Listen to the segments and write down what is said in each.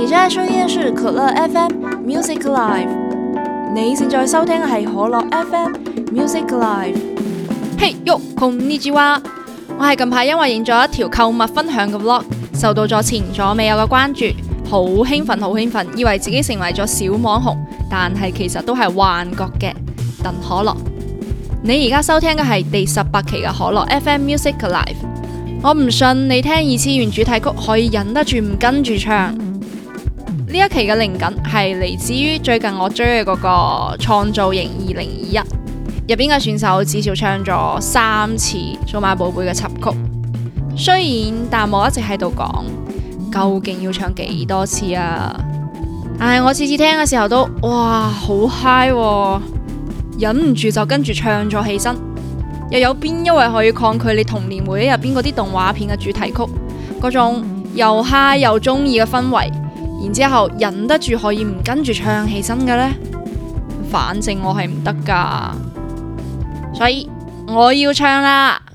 你正在收聽是可樂 FM Music Live，你現在收聽係可樂 FM Music Live。嘿 yo konnichiwa，我係近排因為影咗一條購物分享嘅 Vlog，受到咗前所未有嘅關注，好興奮，好興奮，以為自己成為咗小網紅，但係其實都係幻覺嘅。鄧可樂，你而家收聽嘅係第十八期嘅可樂 FM Music Live。我唔信你聽二次元主題曲可以忍得住唔跟住唱。呢一期嘅靈感係嚟自於最近我追嘅嗰個創造營二零二一入邊嘅選手，至少唱咗三次《數碼寶貝》嘅插曲。雖然彈幕一直喺度講究竟要唱幾多次啊，但係我次次聽嘅時候都哇好嗨喎，忍唔住就跟住唱咗起身。又有邊一位可以抗拒你童年回憶入邊嗰啲動畫片嘅主題曲嗰種又嗨又中意嘅氛圍？然之後忍得住可以唔跟住唱起身嘅呢？反正我係唔得噶，所以我要唱啦。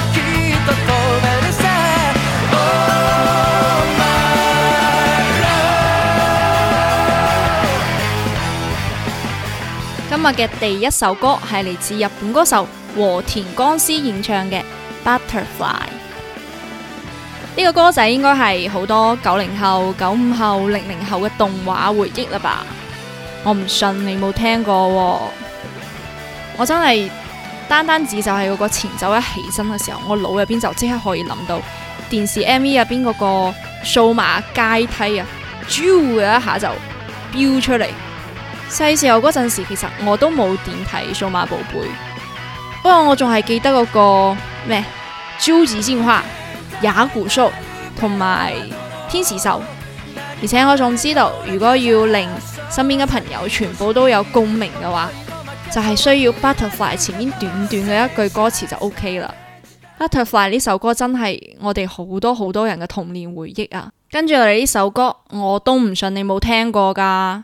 今日嘅第一首歌係嚟自日本歌手和田光司演唱嘅《Butterfly》。呢個歌仔應該係好多九零後、九五後、零零後嘅動畫回憶啦吧？我唔信你冇聽過喎！我真係單單只就係嗰個前奏一起身嘅時候，我腦入邊就即刻可以諗到電視 MV 入邊嗰個數碼階梯啊，啾嘅一下就飆出嚟。細時候嗰陣時，其實我都冇點睇數碼寶貝，不過我仲係記得嗰、那個咩《招子鮮花》也、亞古獸同埋天使獸。而且我仲知道，如果要令身邊嘅朋友全部都有共鳴嘅話，就係、是、需要 Butterfly 前面短短嘅一句歌詞就 OK 啦。 Butterfly 呢首歌真係我哋好多好多人嘅童年回憶啊！跟住落嚟呢首歌，我都唔信你冇聽過噶。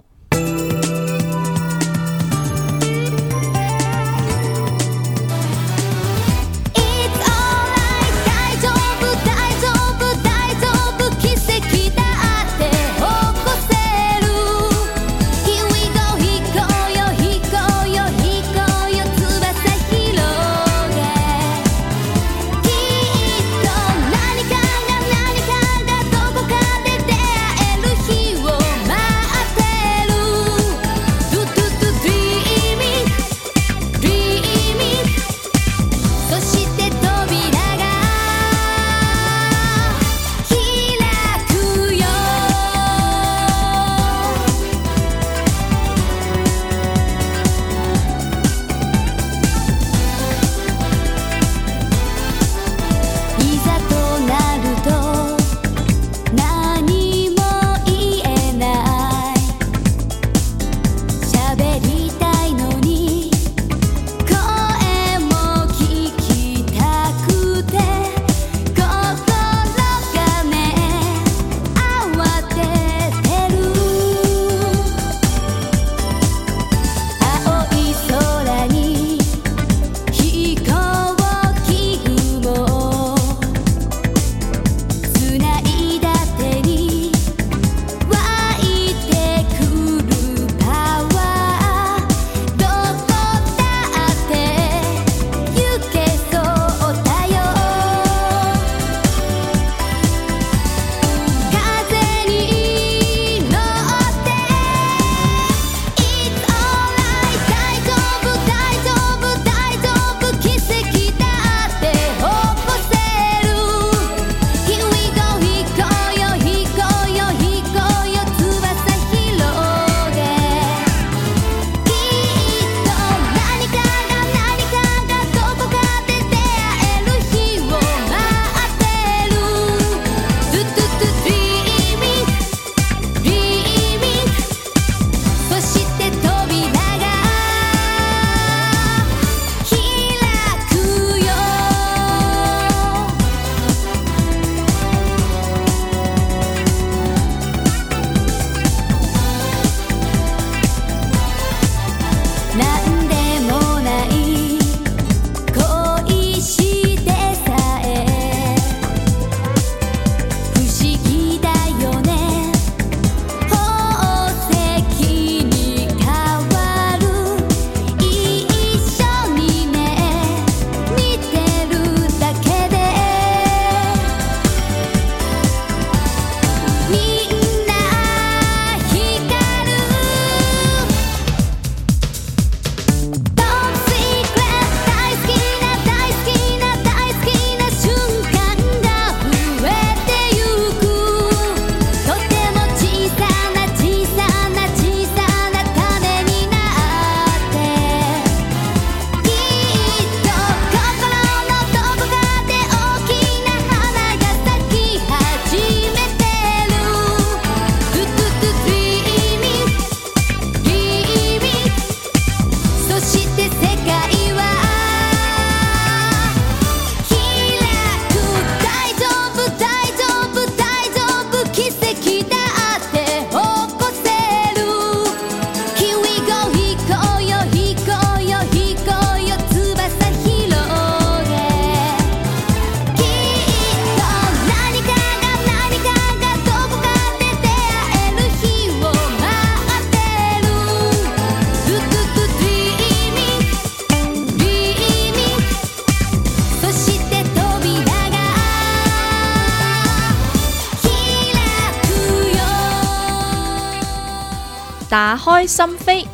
打開心扉，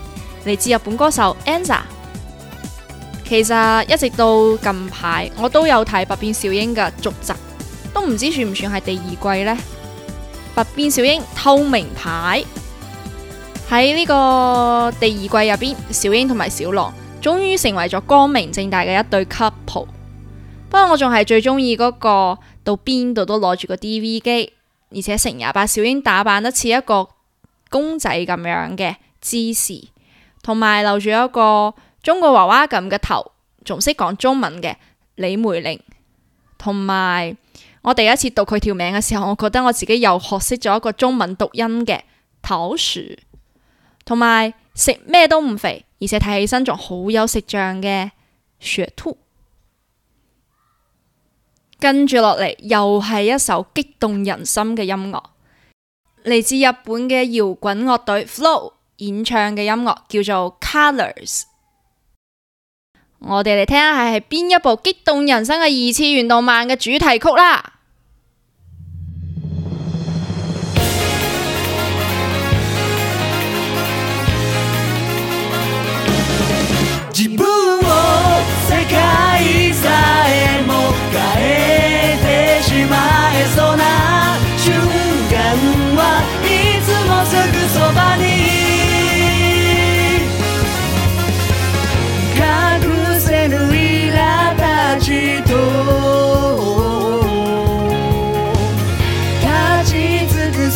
嚟自日本歌手 ANZA，其實一直到近排，我都有睇《百變小櫻》嘅續集，都唔知算唔算係第二季呢？《百變小櫻》透明牌喺呢個第二季入邊，小櫻同埋小狼終於成為咗光明正大嘅一對 couple。不過我仲係最中意嗰個到邊度都攞住個 DV 機，而且成日把小櫻打扮得似一個。公仔咁樣嘅芝士，同埋留住一個中國娃娃咁嘅頭，仲識講中文嘅李梅玲，同埋我第一次讀佢條名嘅時候，我覺得我自己又學識咗一個中文讀音嘅桃矢。同埋食咩都唔肥，而且睇起身仲好有食相嘅雪兔。跟住落嚟又係一首激動人心嘅音樂。嚟自日本嘅搖滾樂隊 Flow 演唱嘅音樂叫做《Colors》，我哋嚟聽下係邊一部激動人心嘅二次元動漫嘅主題曲啦。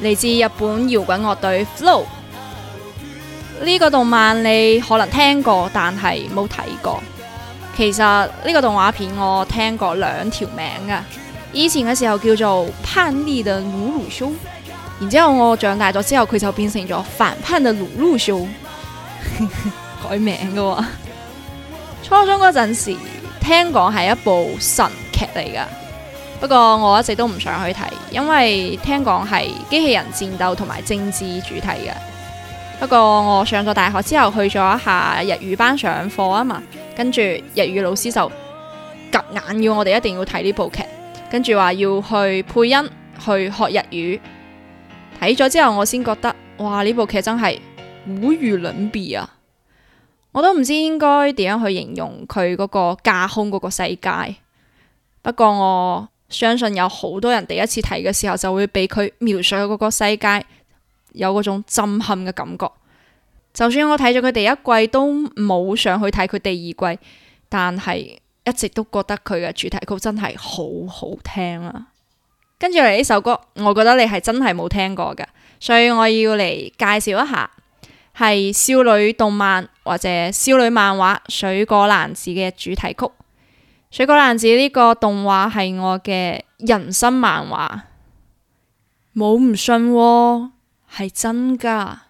嚟自日本搖滾樂隊 Flow，呢個動漫你可能聽過，但係冇睇過。其實呢個動畫片我聽過兩條名噶，以前嘅時候叫做《叛逆的魯魯修》，然之後我長大咗之後佢就變成咗《反叛的魯魯修》， 改名噶。初中嗰陣時聽講係一部神劇嚟噶。不過我一直都唔想去睇，因為聽講係機器人戰鬥同埋政治主題嘅。不過我上咗大學之後去咗一下日語班上課啊嘛，跟住日語老師就夾硬要我哋一定要睇呢部劇，跟住話要去配音，去學日語。睇咗之後我先覺得，哇！呢部劇真係無與倫比啊！我都唔知應該點樣去形容佢嗰個架空嗰個世界。不過我。相信有好多人第一次睇嘅時候，就會俾佢描述嗰個世界有嗰種震撼嘅感覺。就算我睇咗佢第一季都冇想去睇佢第二季，但係一直都覺得佢嘅主題曲真係好好聽啊！跟住嚟，呢首歌，我覺得你係真係冇聽過嘅，所以我要嚟介紹一下，係少女動漫或者少女漫畫《水果籃子》嘅主題曲。水果籃子呢個動畫係我嘅人生漫畫，冇唔信喎，係真噶。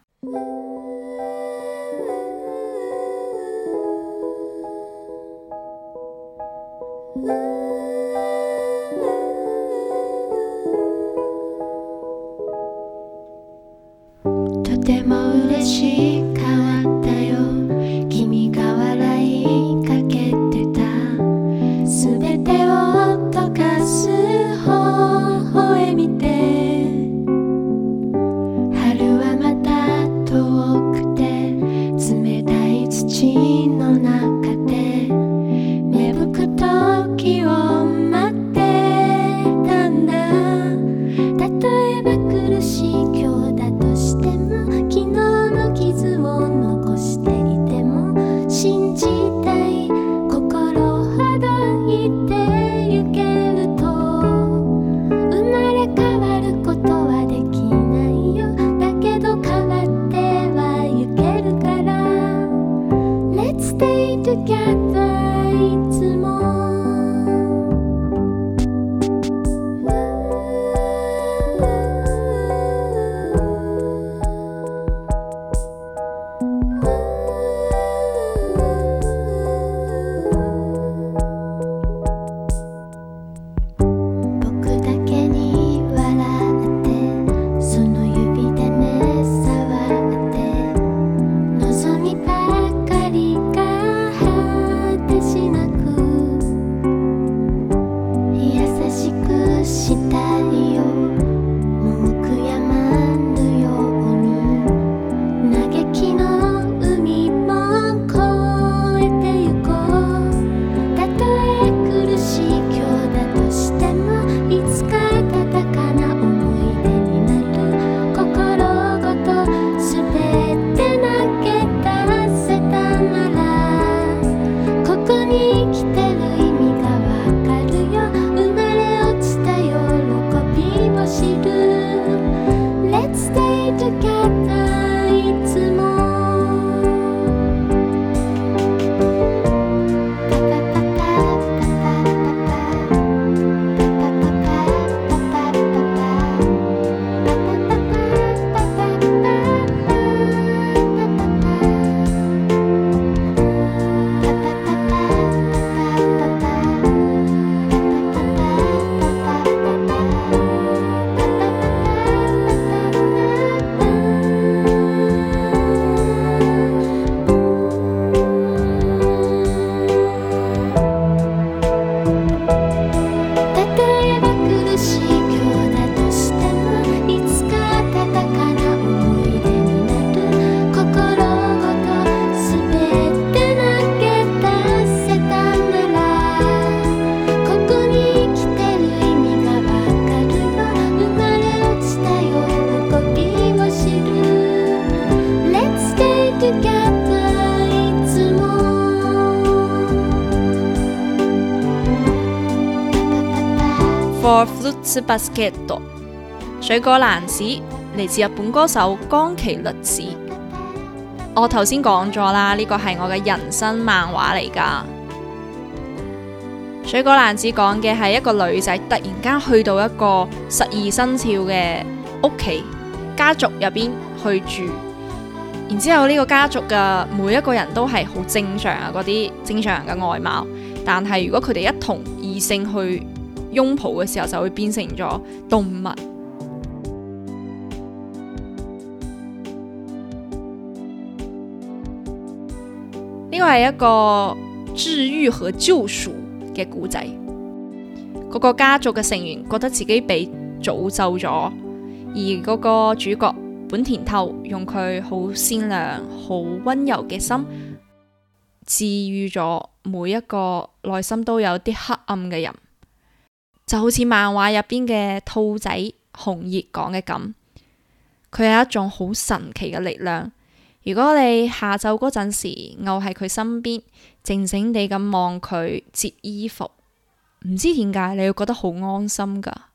水果籃子，嚟自日本歌手岡崎律子。我頭先講咗啦，呢個係我嘅人生漫畫嚟噶。水果籃子講嘅係一個女仔突然間去到一個十二生肖嘅屋企家族入邊去住，然之後呢個家族嘅每一個人都係好正常啊，嗰啲正常人嘅外貌。但係如果佢哋一同異性去。擁抱嘅時候就會變成咗動物。呢個係一個治癒和救贖嘅故仔。嗰個家族嘅成員覺得自己被詛咒咗，而嗰個主角本田透用佢好善良、好溫柔嘅心治癒咗每一個內心都有啲黑暗嘅人。就好似漫畫入邊嘅兔仔紅葉講嘅咁，佢係一種好神奇嘅力量。如果你下晝嗰陣時，踎喺佢身邊，靜靜地咁望佢折衣服，唔知點解，你會覺得好安心噶。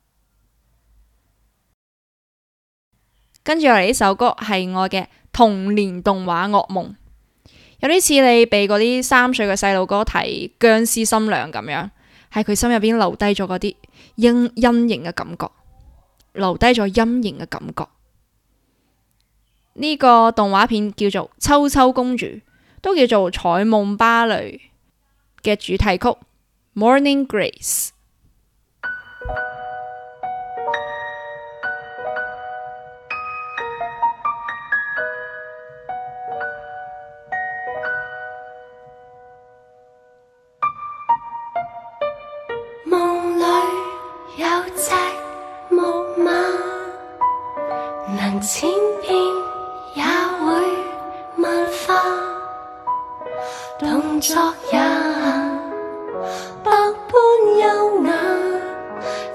跟住落嚟呢首歌係我嘅童年動畫噩夢，有啲似你俾嗰啲三歲嘅細路哥睇僵屍新娘咁樣。喺佢心入邊留低咗嗰啲陰陰影嘅感覺，留低咗陰影嘅感覺。呢、呢個動畫片叫做《秋秋公主》，都叫做《彩夢芭蕾》嘅主題曲《Morning Grace》。隻木馬，能千變也會萬化，動作也百般優雅，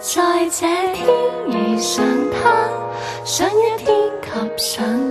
在這天兒上他想一天及上。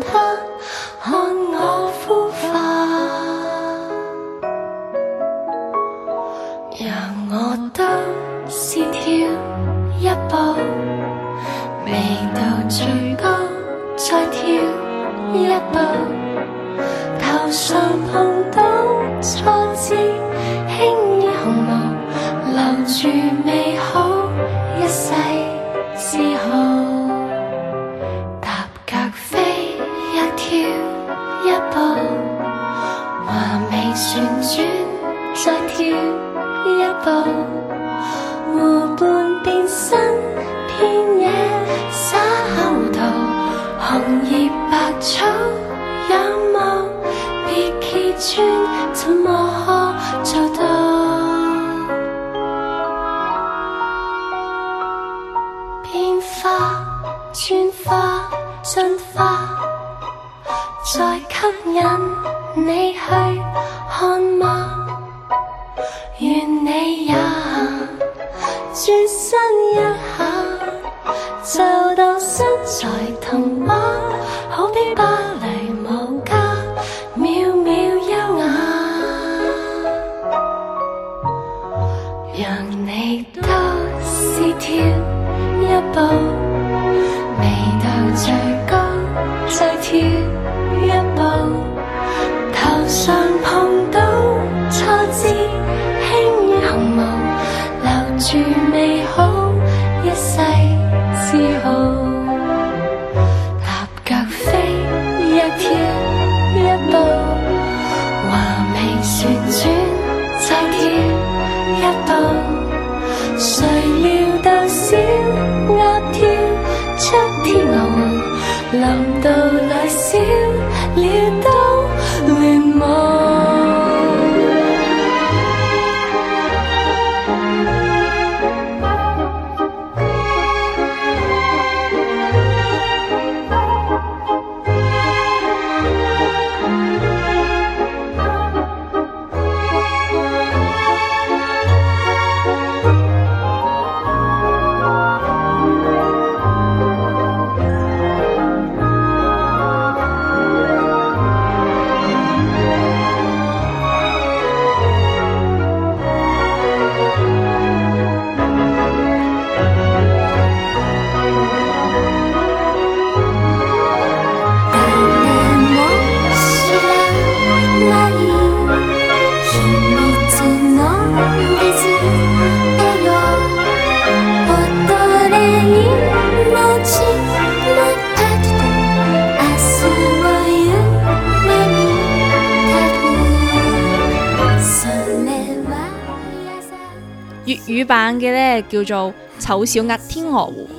版嘅呢叫做《醜小鴨天鵝湖》，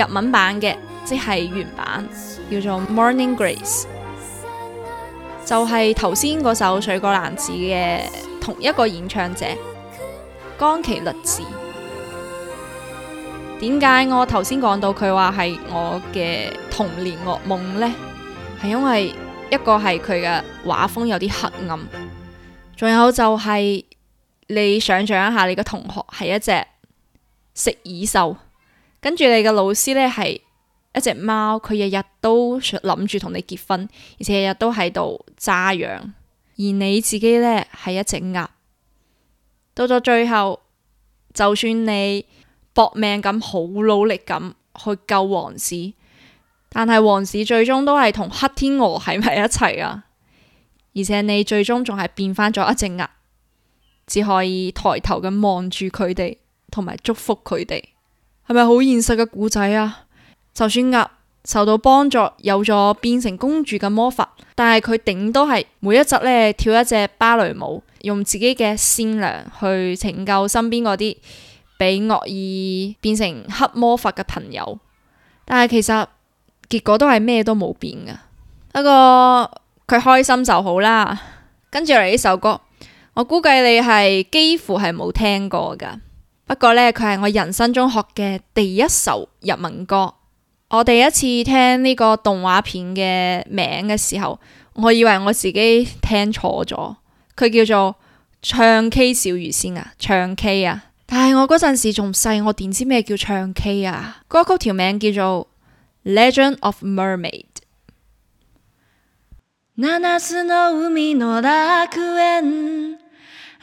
而日文版嘅，即係原版叫做《Morning Grace》，就係頭先嗰首《水果籃子》嘅同一個演唱者岡崎律子。點解我頭先講到佢話係我嘅童年噩夢呢？係因為一個係佢嘅畫風有啲黑暗，仲有就係、是。你想象一下，你個同學係一隻食耳獸，跟住你個老師呢係一隻貓，佢日日都想諗住同你結婚，而且日日都喺度揸羊，而你自己呢，係一隻鴨。到咗最後，就算你搏命咁好努力咁去救王子，但係王子最終都係同黑天鵝喺埋一齊啊，而且你最終仲係變翻咗一隻鴨。只可以抬頭咁望住佢哋，同埋祝福佢哋，係咪好現實嘅故仔啊？就算鴨受到幫助，有咗變成公主嘅魔法，但係佢頂多係每一集咧跳一隻芭蕾舞，用自己嘅善良去拯救身邊嗰啲俾惡意變成黑魔法嘅朋友，但係其實結果都係咩都冇變嘅。不過佢開心就好啦。跟住嚟呢首歌。我估計你係幾乎係冇聽過㗎，不過呢，佢係我人生中學嘅第一首日文歌。我第一次聽呢個動畫片嘅名嘅時候，我以為我自己聽錯咗，佢叫做《唱 K 小魚仙》啊，唱 K 啊。但係我嗰陣時仲細，我點知咩叫唱 K 啊？歌曲條名叫做《Legend of Mermaid》。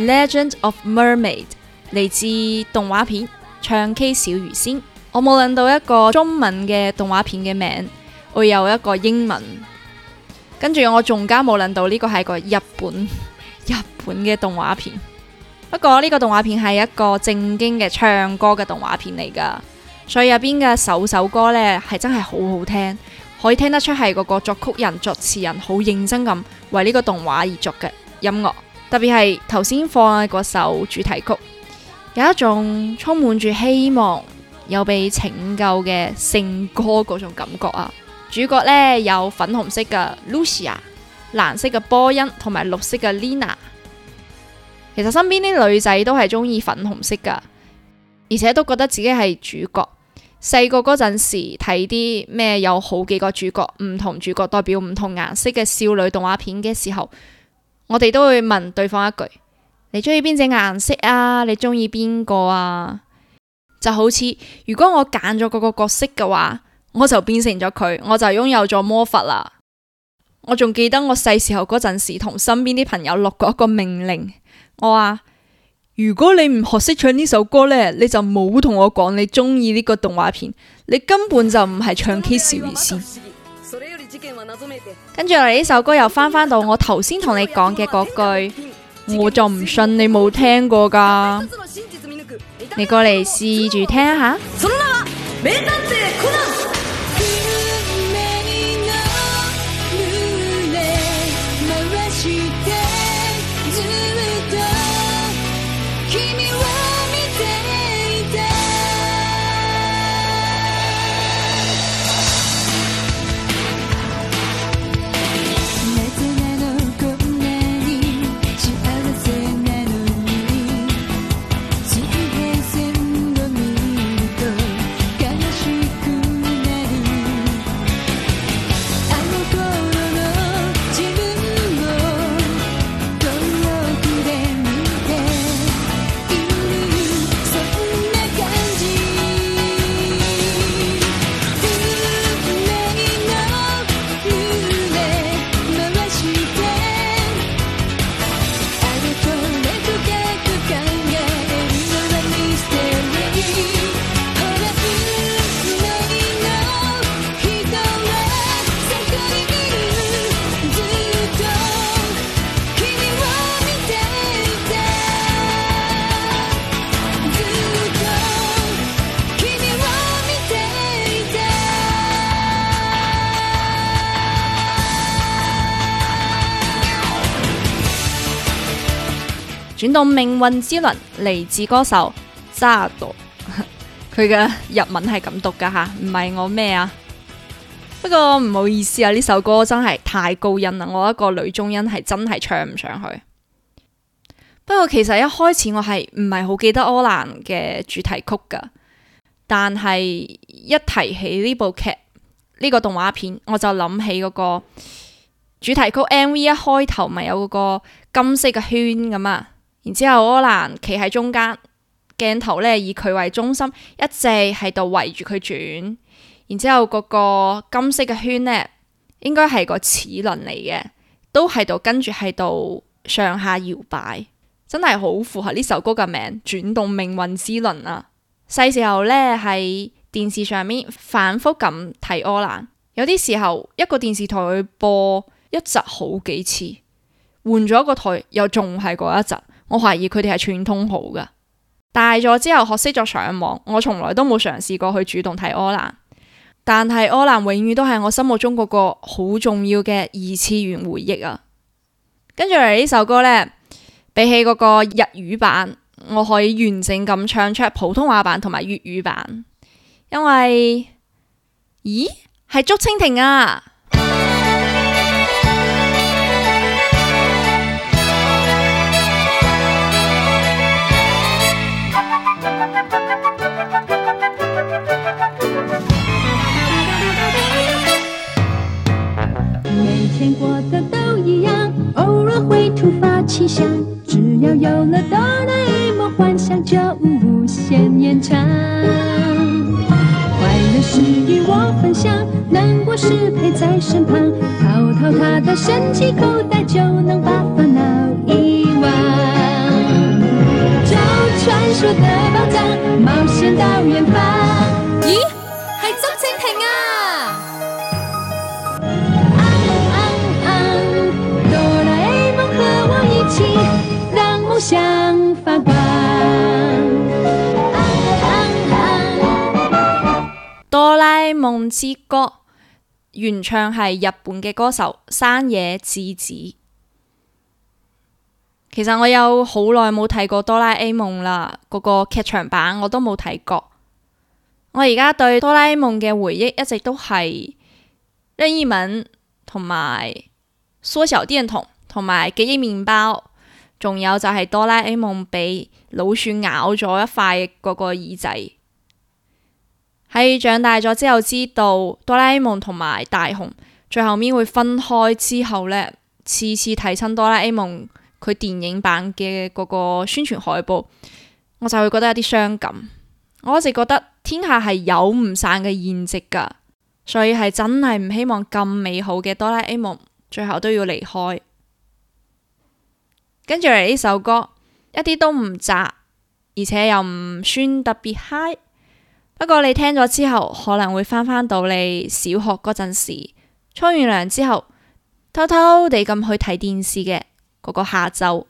Legend of Mermaid 嚟自動畫片唱 K 小魚仙，我冇諗到一個中文嘅動畫片嘅名會有一個英文，跟住我仲加冇諗到呢個係個日本日本嘅動畫片。不過呢個動畫片係一個正經嘅唱歌嘅動畫片嚟噶，所以入邊嘅首首歌呢係真係好好聽，可以聽得出係個作曲人作詞人好認真咁為呢個動畫而作嘅音樂。特別係頭先放嘅嗰首主題曲，有一種充滿住希望又被拯救嘅聖歌嗰種感覺啊！主角呢，有粉紅色嘅 Lucia、藍色嘅波音同埋綠色嘅 Lina。其實身邊啲女仔都係中意粉紅色噶，而且都覺得自己係主角。細個嗰陣時睇啲咩有好幾個主角，唔同主角代表唔同顏色嘅少女動畫片嘅時候。我哋都會問對方一句：你中意邊隻顏色啊？你中意邊個啊？就好似如果我揀咗嗰個角色嘅話，我就變成咗佢，我就擁有咗魔法啦。我仲記得我細時候嗰陣時，同身邊啲朋友落過一個命令，我話：如果你唔學識唱呢首歌呢，你就冇同我講你中意呢個動畫片，你根本就唔係唱 K 小魚仙。跟住落嚟呢首歌又翻翻到我頭先同你講嘅嗰句，我就唔信你冇聽過噶，你過嚟試住聽一下。到命運之輪，嚟自歌手 ZARD，佢嘅 日文係咁讀噶吓，唔、啊、係我咩啊？不過唔好意思啊，呢首歌真係太高音啦，我一個女中音係真係唱唔上去。不過其實一開始我係唔係好記得柯南嘅主題曲噶，但係一提起呢部劇呢、這個動畫片，我就諗起嗰個主題曲 MV 一開頭咪有嗰個金色嘅圈咁啊。然之後，柯南企喺中間，鏡頭呢以佢為中心，一直喺度圍住佢轉。然之後嗰個金色嘅圈呢，應該係個齒輪嚟嘅，都喺度跟住喺度上下搖擺，真係好符合呢首歌嘅名《轉動命運之輪》啊。細時候呢，喺電視上面反復咁睇柯南，有啲時候一個電視台會播一集好幾次，換咗個台又仲係嗰一集。我懷疑佢哋係串通好噶。大咗之後學識咗上網，我從來都冇嘗試過去主動睇柯南，但係柯南永遠都係我心目中嗰個好重要嘅二次元回憶啊。跟住嚟呢首歌呢，比起嗰個日語版，我可以完整咁唱出普通話版同埋粵語版，因為咦，係竹蜻蜓啊！每天過得都一樣，偶爾會突發奇想，只要有了哆啦 A 夢，幻想就無限延長。快樂時與我分享，難過時陪在身旁，掏掏他的神奇口袋，就能把煩惱。「咦，係竹蜻蜓啊！哆啦 A 夢和我一起，讓夢想發光。哆啦 A 夢之歌原唱係日本嘅歌手山野智子。其實我有好耐冇睇過哆啦 A 夢啦，嗰個，個劇場版我都冇睇過。我而家對哆啦 A 夢嘅回憶一直都係任意門同埋縮小電筒，同埋記憶麵包，仲有就係哆啦 A 夢俾老鼠咬咗一塊嗰個耳仔。喺長大咗之後，知道哆啦 A 夢同埋大雄最後面會分開之後呢，次次睇親哆啦 A 夢，佢電影版嘅嗰個宣傳海報，我就會覺得有啲傷感。我一直覺得天下係有唔散嘅筵席噶，所以係真係唔希望咁美好嘅《哆啦 A 夢》最後都要離開。跟住嚟呢首歌，一啲都唔炸，而且又唔算特別嗨。不過你聽咗之後，可能會翻翻到你小學嗰陣時，沖完涼之後偷偷地咁去睇電視嘅。嗰個下晝。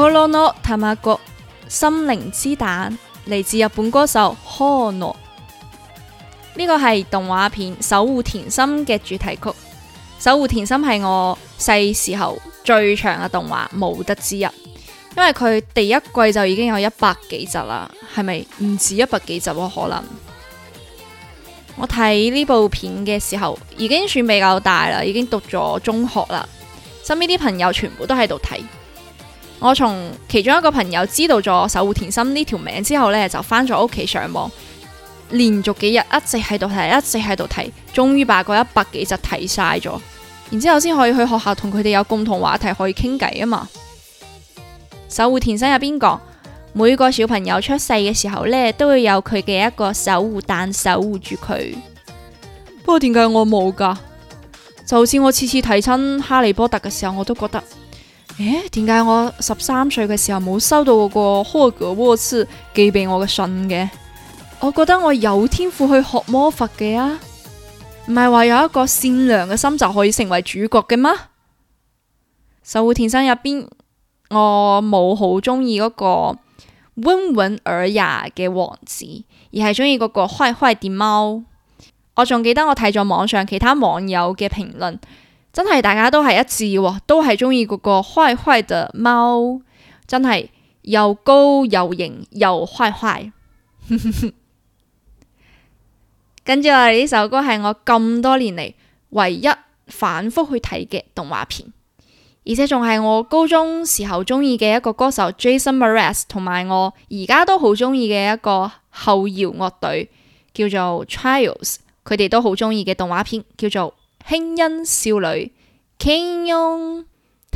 《こころのたまご心靈之蛋》嚟自日本歌手 Buono，呢、這個係動畫片《守護甜心》嘅主題曲。《守護甜心》係我細時候最長嘅動畫，冇得之一，因為佢第一季就已經有一百幾集啦，係咪唔止一百幾集啊？可能我睇呢部片嘅時候，已經算比較大啦，已經讀咗中學啦，身邊啲朋友全部都喺度睇。我從其中一個朋友知道咗守護甜心呢條名之後呢，就翻咗屋企上網，連續幾日一直喺度睇，一直喺度睇，終於把嗰一百幾集睇晒咗，然之後先可以去學校同佢哋有共同話題可以傾偈啊嘛。守護甜心入邊講，每個小朋友出世嘅時候呢，都會有佢嘅一個守護蛋守護住佢。不過點解我冇噶？就算我次次睇親哈利波特嘅時候，我都覺得。誒，點解、欸、我十三歲嘅時候冇收到嗰個 Hogwarts 寄俾我嘅信嘅？我覺得我有天賦去學魔法嘅啊！唔係話有一個善良嘅心就可以成為主角嘅嗎？守護甜心入邊，我冇好中意嗰個温文爾雅嘅王子，而係中意嗰個壞壞哋貓。我仲記得我睇咗網上其他網友嘅評論。真係大家都係一致、哦，都係中意嗰個壞壞的貓，真係又高又型又壞壞。 跟住落嚟呢首歌係我咁多年嚟唯一反復去睇嘅動畫片，而且仲係我高中時候中意嘅一個歌手 Jason Mraz 同埋我而家都好中意嘅一個後搖樂隊叫做 Trials，佢哋都好中意嘅動畫片叫做。輕音少女，聽輕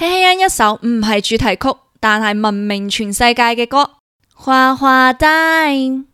音一首唔係主題曲，但係聞名全世界嘅歌，ふわふわ時間。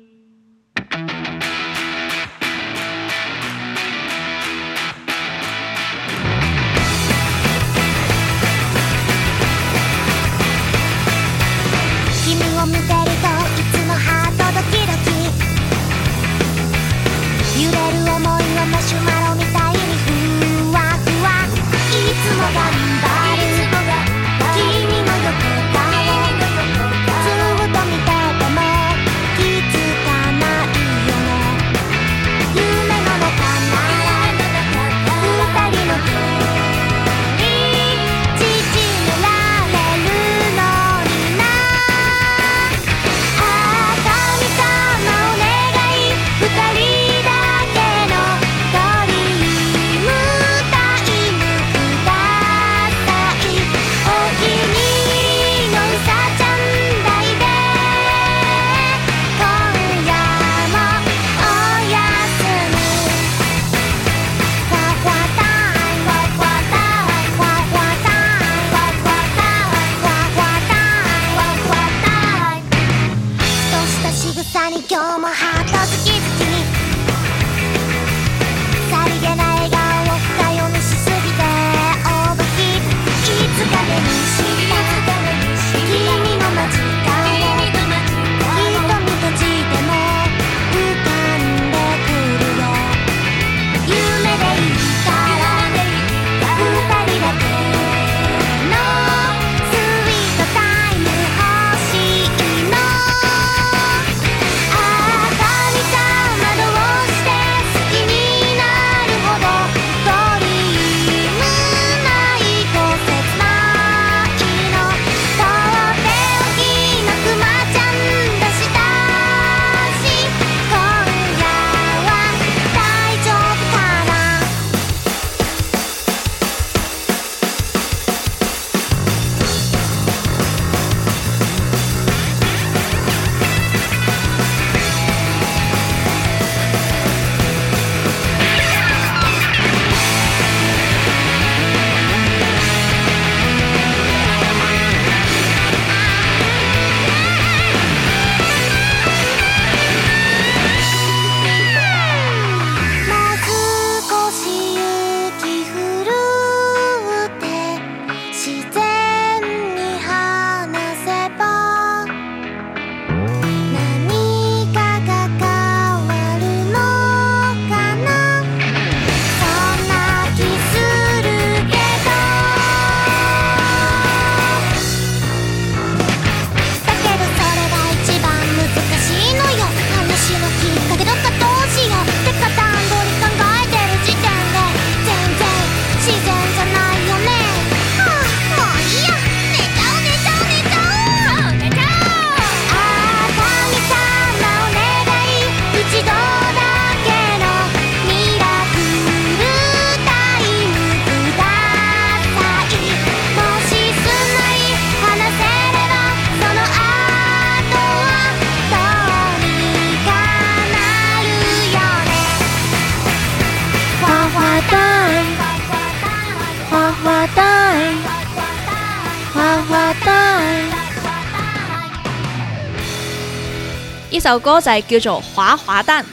首歌就係叫做《滑滑蛋》，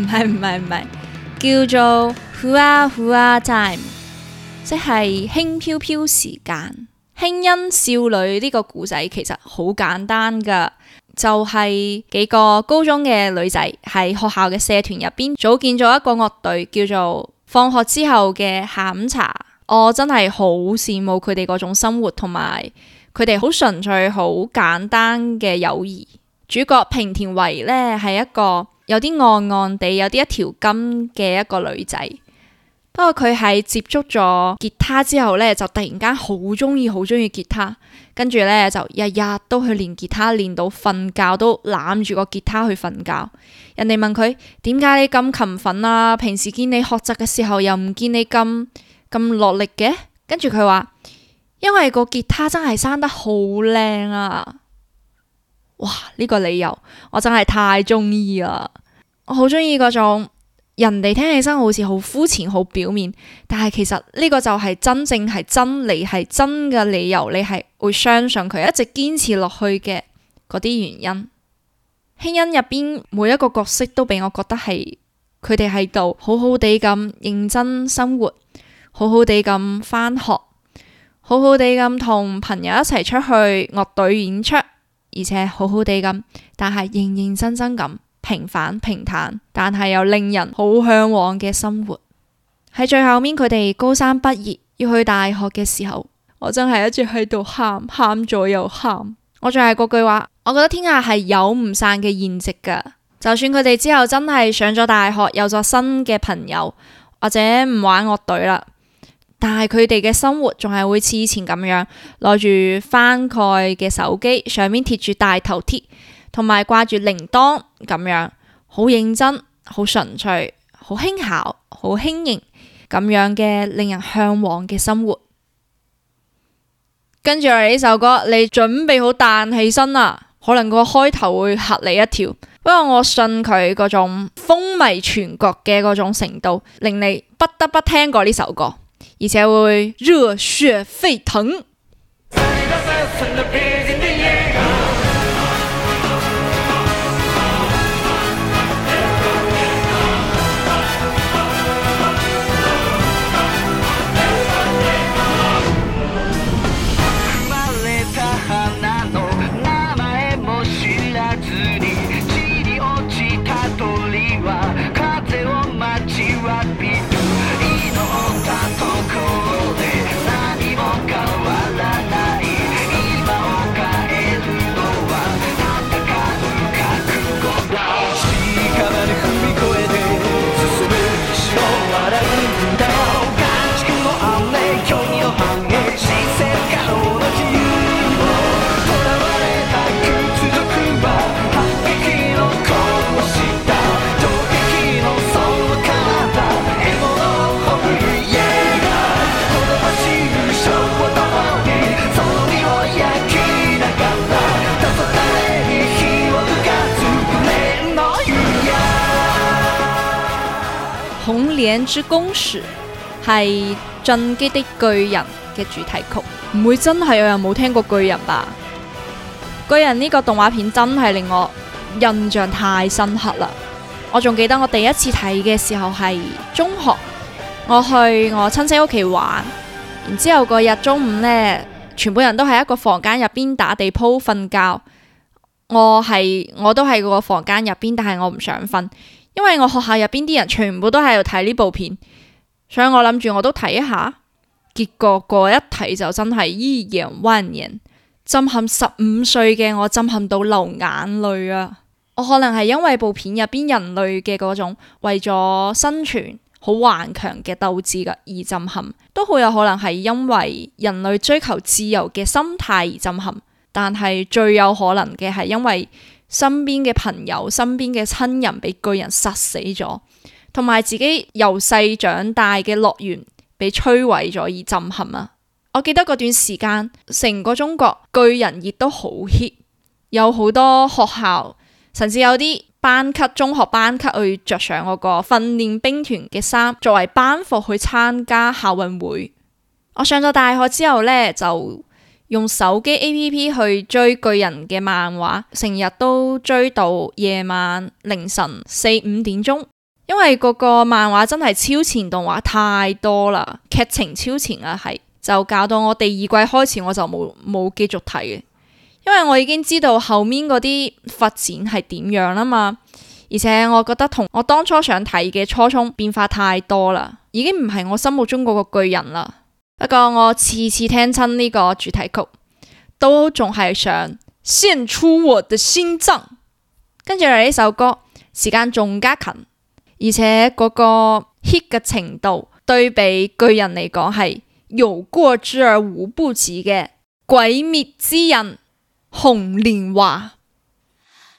唔係，唔係，唔係叫做《ふわふわ Time》，即係輕飄飄時間。輕音少女呢、這個故仔其實好簡單噶，就係、是、幾個高中嘅女仔喺學校嘅社團入邊組建咗一個樂隊，叫做放學之後嘅下午茶。我真係好羨慕佢哋嗰種生活，同埋佢哋好純粹、好簡單嘅友誼。主角平田唯呢，係一個有啲憨憨地、有啲一條筋嘅一個女仔。不過佢喺接觸咗吉他之後呢，就突然間好中意、好中意吉他。跟住呢，就日日都去練吉他，練到瞓覺都攬住個吉他去瞓覺。人哋問佢點解你咁勤奮啊？平時見你學習嘅時候又唔見你咁咁落力嘅。跟住佢話：因為個吉他真係生得好靚啊！哇！呢個理由我真係太中意啦，我好中意嗰種人哋聽起身好似好膚淺、好表面，但係其實呢個就係真正係真理、係真嘅理由，你係會相信佢一直堅持落去嘅嗰啲原因。《輕音》入邊每一個角色都俾我覺得係佢哋喺度好好地咁認真生活，好好地咁翻學，好好地咁同朋友一齊出去樂隊演出。而且好好哋咁，但係認認真真咁平凡平淡，但係又令人好向往嘅生活。喺 最後面，佢哋高三畢業要去大學嘅時候，我真係一直喺度喊，喊咗又喊。我仲係嗰句話，我覺得天下係有唔散嘅筵席噶。就算佢哋之後真係上咗大學，有咗新嘅朋友，或者唔玩樂隊啦。但係佢哋嘅生活仲係會似以前咁樣，攞住翻蓋嘅手機，上面貼住大頭貼，同埋掛住鈴鐺咁樣，好認真、好純粹、好輕巧、好輕盈咁樣嘅令人向往嘅生活。跟住嚟呢首歌，你準備好彈起身啦。可能個開頭會嚇你一跳，不過我信佢嗰種風靡全國嘅嗰種程度，令你不得不聽過呢首歌。以前我會熱血沸騰。 《之弓矢》係《進擊的巨人》嘅主題曲，唔會真係有人冇聽過巨人吧？巨人呢個動畫片真係令我印象太深刻啦！我仲記得我第一次睇嘅時候係中學，我去我親戚屋企玩，然之後個日中午呢，全部人都喺一個房間入邊打地鋪瞓覺，我係我都喺個房間入邊，但係我唔想瞓。因為我學校入邊啲人全部都喺度睇呢部片，所以我諗住我都睇一下。結果嗰一睇就真係依樣萬人震撼，十五歲嘅我震撼到流眼淚啊！我可能係因為部片入邊人類嘅嗰種為咗生存好頑強嘅鬥志而震撼，都好有可能係因為人類追求自由嘅心態而震撼，但係最有可能嘅係因為。身邊嘅朋友、身邊嘅親人被巨人殺死咗，同埋自己由細長大嘅樂園被摧毀咗而震撼啊！我記得嗰段時間，成個中國巨人亦都好 hit。有好多學校，甚至有啲班級、中學班級去着上嗰個訓練兵團嘅衫，作為班服去參加校運會。我上咗大學之後呢，就用手機 APP 去追巨人嘅漫畫，成日都追到夜晚凌晨四五點鐘，因為嗰個漫畫真係超前動畫太多啦，劇情超前啊，係就搞到我第二季開始我就冇冇繼續睇，因為我已經知道後面嗰啲發展係點樣啦嘛，而且我覺得同我當初想睇嘅初衷變化太多啦，已經唔係我心目中嗰個巨人啦。不過我次次聽親呢個主題曲，都仲係想獻出我的心臟。跟住嚟呢首歌，時間仲加近，而且嗰個 hit 嘅程度，對比巨人嚟講係有過之而無不及嘅《鬼滅之刃》紅蓮華。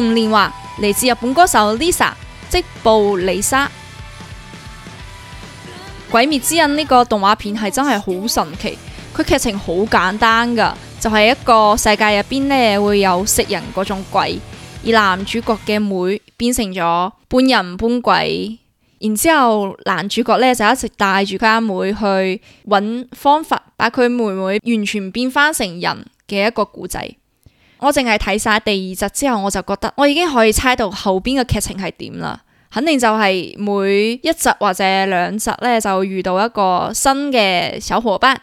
《紅蓮華》嚟自日本歌手 Lisa 織部里沙，《鬼滅之刃》呢、這個動畫片係真係好神奇，佢劇情好簡單噶，就係、是、一個世界入邊呢會有食人嗰種鬼，而男主角嘅妹變成咗半人半鬼，然之後男主角呢就一直帶住佢阿妹去揾方法，把佢妹妹完全變翻成人嘅一個故仔。我淨係睇晒第二集之後，我就覺得我已經可以猜到後邊嘅劇情係點啦。肯定就係每一集或者兩集呢，就遇到一個新嘅小夥伴，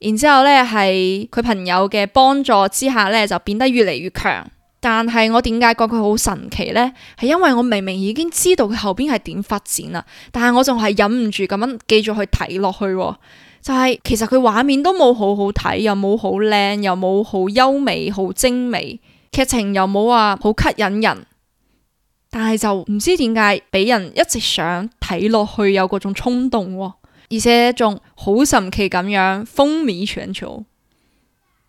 然之後咧係佢朋友嘅幫助之下呢，就變得越嚟越強。但係我點解覺佢好神奇呢？係因為我明明已經知道佢後邊係點發展啦，但係我仲係忍唔住咁樣繼續去睇落去，哦。就係、是、其實佢畫面都冇好好睇，又冇好靚，又冇好優美、好精美，劇情又冇話好吸引人，但係就唔知點解俾人一直想睇落去有嗰種衝動、喎，而且仲好神奇咁樣風靡全球。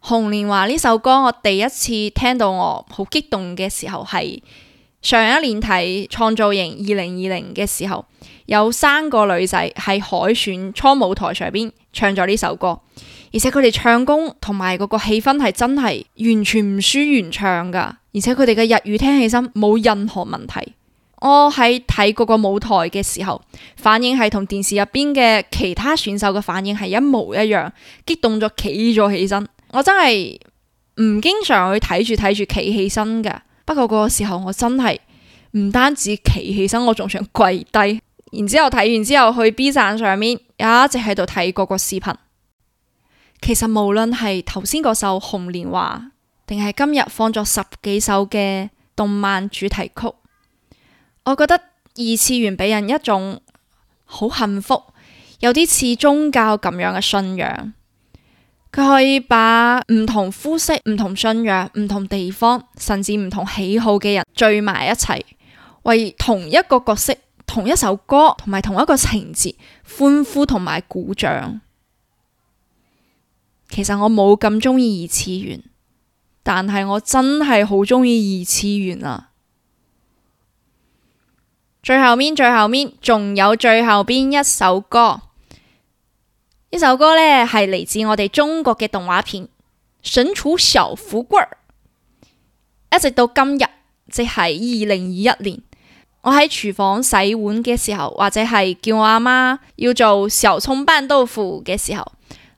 紅蓮華呢首歌，我第一次聽到我好激動嘅時候，係上一年睇創造營二零二零嘅時候。有三個女仔喺海選初舞台上邊唱咗呢首歌，而且佢哋唱功同埋嗰個氣氛係真係完全唔輸原唱㗎。而且佢哋嘅日語聽起身冇任何問題。我喺睇嗰個舞台嘅時候，反應係同電視入邊嘅其他選手嘅反應係一模一樣，激動咗企咗起身。我真係唔經常去睇住睇住企起身㗎，不過嗰個時候我真係唔單止企起身，我仲想跪低。然之後睇完之後去 B 站上面，也一直喺度睇各個視頻。其實無論係頭先嗰首《紅年華紅蓮華》，定係今日放咗十幾首嘅動漫主題曲，我覺得二次元俾人一種好幸福，有啲似宗教咁樣嘅信仰。佢可以把唔同膚色、唔同信仰、唔同地方，甚至唔同喜好嘅人聚埋一齊，為同一個角色。同一首歌、同埋同一個情節歡呼同埋鼓掌，其實我冇咁中意二次元，但係我真係好中意二次元啊！最後面最後面仲有最後邊一首歌，呢首歌呢，係嚟自我哋中國嘅動畫片《神廚小福貴》，一直到今日即係二零二一年。我喺廚房洗碗嘅時候，或者係叫我阿媽，媽要做小葱拌豆腐嘅時候，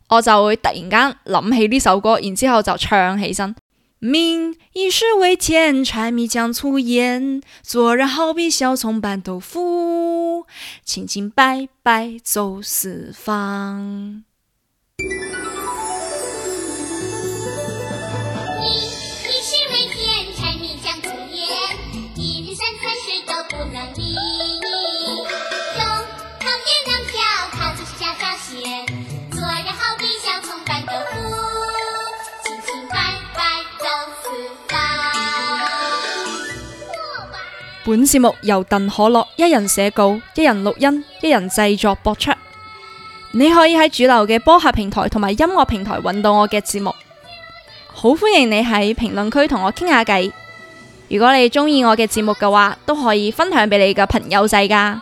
我就會突然間諗起呢首歌，然之後就唱起身。民以食為天，柴米醬醋鹽，做人好比小葱拌豆腐，清清白白走四方。本節目由鄧可樂一人寫稿，一人錄音，一人製作播出。你可以喺主流嘅播客平台同埋音樂平台揾到我嘅節目。好歡迎你喺評論區同我傾下偈。如果你中意我嘅節目嘅話，都可以分享俾你嘅朋友仔㗎，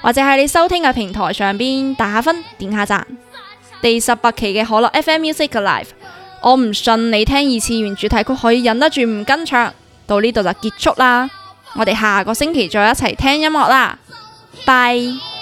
或者喺你收聽嘅平台上邊打下分，點下讚。第十八期嘅可樂 FM Music Live，我唔信你聽二次元主題曲可以忍得住唔跟唱。到呢度就結束啦。我哋下個星期再一齊聽音樂啦，拜。Bye.